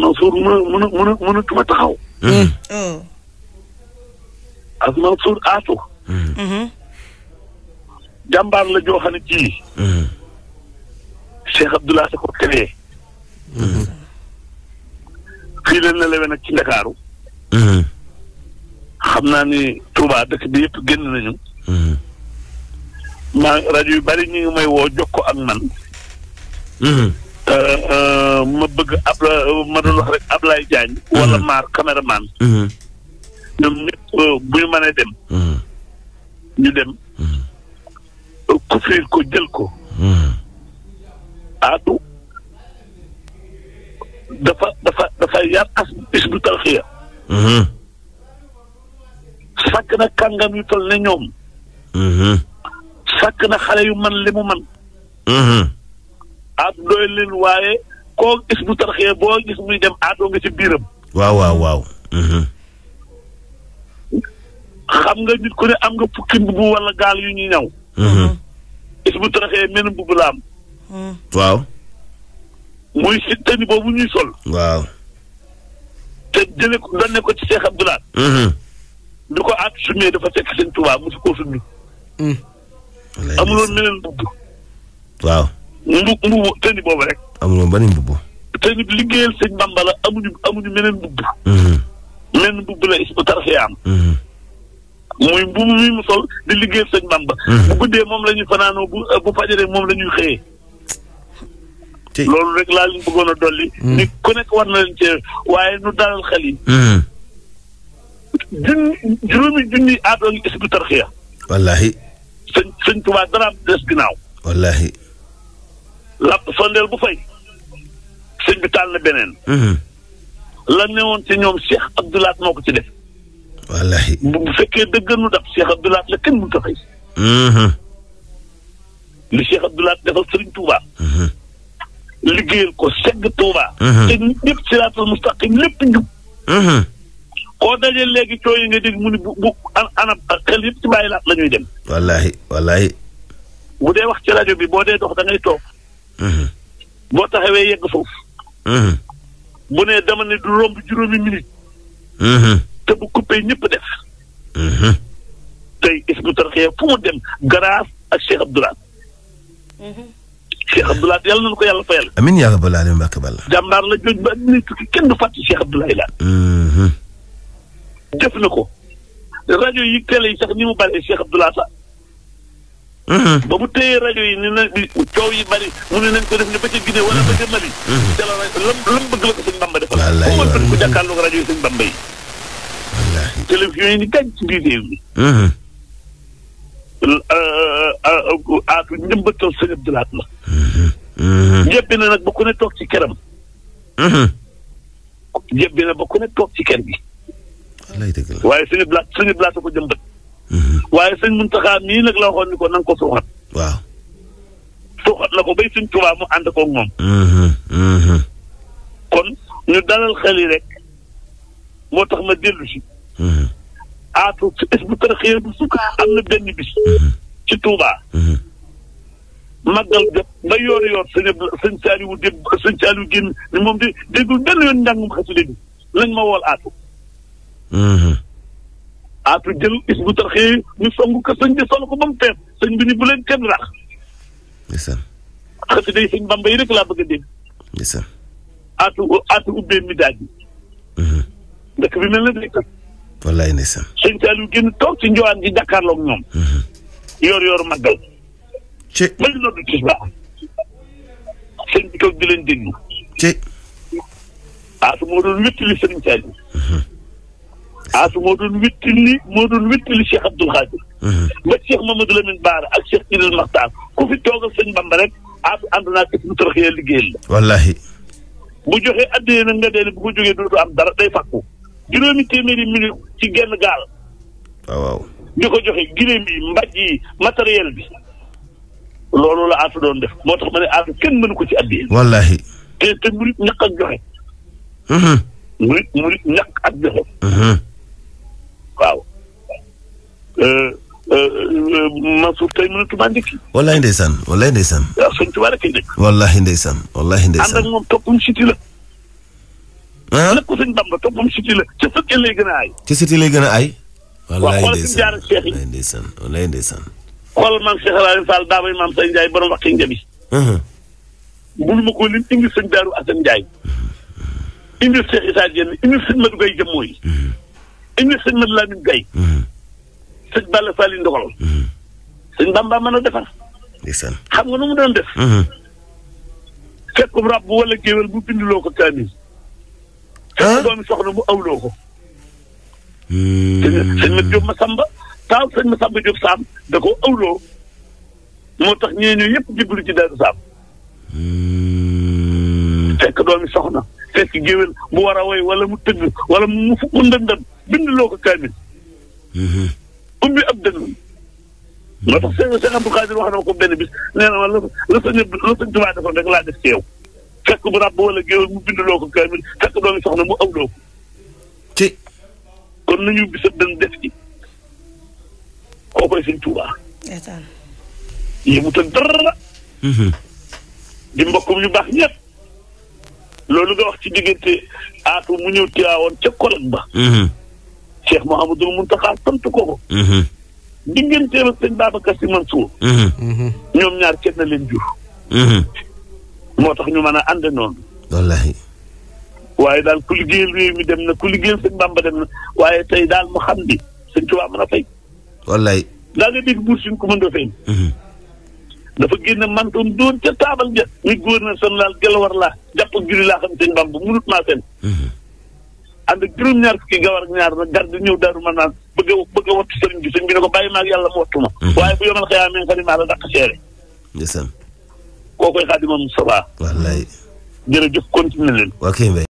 Mansour mën a mën taxaw. Mm-hmm. Oh. ak Mansour aatu. Mm-hmm. jàmbaar la joo xam ne ci. Mm-hmm. Cheikh Abdoulaye sa ko créé. fii leen la lewe nag ci Ndakaaru. xam naa ni Touba dëkk bi yëpp génn nañu. maa rajo yu bari ñu ngi may woo jokkoo ak man. Euh, euh, ma bëgg ma doon wax rek Ablaye Diagne. Mm-hmm. wala Mar caméraman. Mm-hmm. ñoom ñëpp euh, bu ñu mënee dem. Mm-hmm. ñu dem. couvrir ko jël ko. aatu dafa dafa dafa yar as Hizbut Tarqiyyah. sàkk na kàngam yu toll ne ñoom. sàkk na xale yu man li man. aatu leen waaye. koo gis bu tarxee boo gis muy dem aadoo nga ci biiram. waaw waaw waaw. Mhm. xam nga nit ku ne am nga fukki mbubu wala gaal yu ñuy ñaw. Mhm. gis bu tarxee mel mbubu la am. Mhm. waaw. muy sittani boobu ñuy sol. waaw. te jëlee ko donne ko ci Cheikh Abdoulaye. du ko aat sumee dafa fekk seen tubaab mu si koo mm. amuloon meneen mbubb. waaw. mbu mbubu tëni boobu rek. amuñu benn mbubb. te ñu liggéeyal sëñ Bamba la amuñu amuñu meneen mbubb. Mhm. meneen mbubb la is am. Mhm. muy mbubb mi mu sol di liggéeyal sëñ Bamba. Mhm. bu guddee moom la ñuy fanaanoo bu bu fajaree moom lañuy ñuy xëyee. loolu rek laa leen bëggoon a dolli. ni ku nekk war na leen cee waaye nu dalal xel yi. junni juróomi junni aadoo ngi wallaahi. sëñ sëñ Tuubaa dara des ginnaaw. wallaahi. làpp sondeel bu fay. sëñ bi tànn beneen. Mhm. la newoon ci ñoom Cheikh Abdoulaat moo ko ci def. wallaahi bu fekkee dëgganu daf Cheikh Abdoulaat la kenn mënut a xëy. Mhm. li Cheikh Abdoulaat defal Serigne Touba. Mhm. liggéeyal ko segg Touba. te ñëpp siraatal mustaqim lépp njub. koo dajee léegi cooy nga dégg mu ni bu bu xel yëpp ci bàyyi laat la ñuy dem. wallaahi wallaahi. bu dee wax ci rajo bi boo dee dox da ngay toog. boo taxawee yegg foofu. bu ne dama ne du romb juróomi minute. te bu coupé ñëpp def. tey Hizbut Tarqiyyah fu mu dem grâce ak Cheikh Abdoulaye. Cheikh Abdoulaye yàlla nañu ko yàlla fayal. amiin yaa rabbal aalamiin mbàkk bala. jàmbaar la jooj ba nit kenn du fàtte Cheikh def na ko rajo yi télé yi sax ni mu bëree Cheikh Abdoulaye sax. Mm-hmm. ba mu téye rajo yi ni na coow yi bari mu ne nañ ko ne ba ca Guinée wala ba ca Mali. Mm-hmm. ca la lam lam bëgg ko sëñ Bamba ku ko jàkkaarloo rajo yi sëñ Bamba yi. wallaay télévision yi ni gàñ ci biir réew mi. aatu mm-hmm. euh, euh, euh, njëmbatal sëñ Abdoulaat la. ñëpp na nag ba ku ne toog ci këram. ñëpp na ba ku ne toog ci kër gi. wallaay dëgg la waaye sëñ Abdoulaat sëñ waaye sëñ Muntaxa mii nag la waxoon ni ko na ko suuxat. waaw. suuxat ko bay sëñ Tuubaa mu ànd koog moom. Mm-hmm, mm-hmm. kon ñu dalal xel yi moo tax ma dellu si. Mm-hmm. aatu ci is bu tërxee bu sukk am na benn bis. ci Touba. màggal jot ba yoor yoor sëñ sëñ Saliou dé sëñ Saliou di déggul benn yoon njàngum xasida bi lañ ma wool aatu. aatu jël Hizbut Tarqiyyah ñu song ko sëñ bi sol ko ba mu fees sëñ ni bu leen te rax. ndeysaan. xasida yi sëñ Bamba yi rek laa bëgg a dégg. ndeysaan. aatu aatu mi daal bi. Mhm. dëkk bi mel na dëkk. wallaay ndeysaan. sëñ Saliou génn toog ci njowaan ji jàkkaarloog ñoom. Mhm. yor yor màggal. ci ba ñu noddu tisbaar. sëñ bi toog di leen déglu. ci. aatu moo doon wéttali Asu ah, moo doon wittili moo doon wittili Cheikh Abdoul Khadir. Uh-huh. ba Cheikh Mamadou Lamine Baara ak Cheikh Idil Maxtaar ku toogal sëñ Bamba rek Asu ah, naa ko suñu toroxee liggéeyal la. wallaahi. bu joxee addee nag nga dee ne bu ko jógee dootu am dara day fàkku juróomi téeméeri minute ci genn gaal. waaw ko joxe gileem yi mbaj yi matériel bi. loolu la Asu doon def moo tax ma ne Asu kenn mënu ko ci addee. wallaahi. te te murit ñàkk ak joxe. Uh-huh. murit ak joxe. Uh-huh. waaw. Euh, euh, euh, Mansour tey mënatuma ndékki. wallaahi ndeysaan wallaahi ndeysaan. waaw sëñ Tuubaa rek a nekk. wallaahi ndeysaan wallaahi ndeysaan. ànd ak moom toppum siti la. ah lépp ku sëñ Bamba toppum la ca sëñ lay gën a aay. ca siti lay gën a aay. wallaahi ndeysaan waaw xool suñu ndeysaan wallaahi ndeysaan. xool maam Cheikh Alioune Fall daabay maam Sëñ Ndiaye borom waxi njabi. Uh-huh. bul ma ko lim indi sëñ Daaru Assane Ndiaye. Uh-huh. indi Cheikh Issa Diène indi sëñ Madou Gueye Jëmmooy. Uh-huh. indi sëñ Mad Lamin Gay hmm. sëñ Balla Faali Ndoxol hmm. sëñ Bamba mën a defar xam nga nu mu doon def hmm. ko rab bu wala géwél bu bindiloo ko kaamil ah? fekk doomi soxna bu awloo ko sëñ Mat Jóob Masamba taaw sëñ Masamba Jóob Saam da ko awloo moo tax ñee ñu yëpp jiblu ci daal saam fekk doomi soxna fekk géwél bu war a woy wala mu tëgg wala mu fukk ndëndam bind loo ko kaamil. Mhm. ubbi ab dënn. moo tax Seex bu Xaadir wax na ma ko benn bis nee na ma la la sa ñëpp la sa laa def ci yow fekk bu ràbb wala géwél mu bind loo ko kaamil fekk doomi soxna mu aw loo ko. te. kon nañu ubbi sa dënn def ci koo koy Sëñ Tuubaa. yéemu te dara. Mhm. di mbokkum yu baax ñëpp. loolu nga wax ci diggante aato mu ñëw tiyaawoon ca kolog ba mhm. Cheikh Mouhamadul Muntaxa tontu ko ko mhm. digganteem ak sëñ Babacar Si Mansour mhm. ñoom ñaar kenn na leen jur moo tax ñu mën a ànd noonu wallaahi waaye daal ku liggéeyal réew mi dem na ku liggéeyal sëñ Bamba dem na waaye tey daal mu xam di sëñ Tuubaa mën a fay wallaay daal nga dégg buur suñ ko mën a dafa génne mantoom doon ca taabal ja ni gouverneur général Gelwaar laa jàpp ak julli laa xam sëñ Bamba munut maa seen ànd ak juróom-ñaar fukki gawar ñaar nag garde ñëw daaru mën naan bëgg a bëgg a wattu sëriñ bi sëñ bi ne ko bàyyi maag yàlla mu wattu ma mhm. waaye bu yomal xëyaa men xadimaa la dàq seere ndeysaan koo koy xaadima Moustapha wallaay jërëjëf continué leen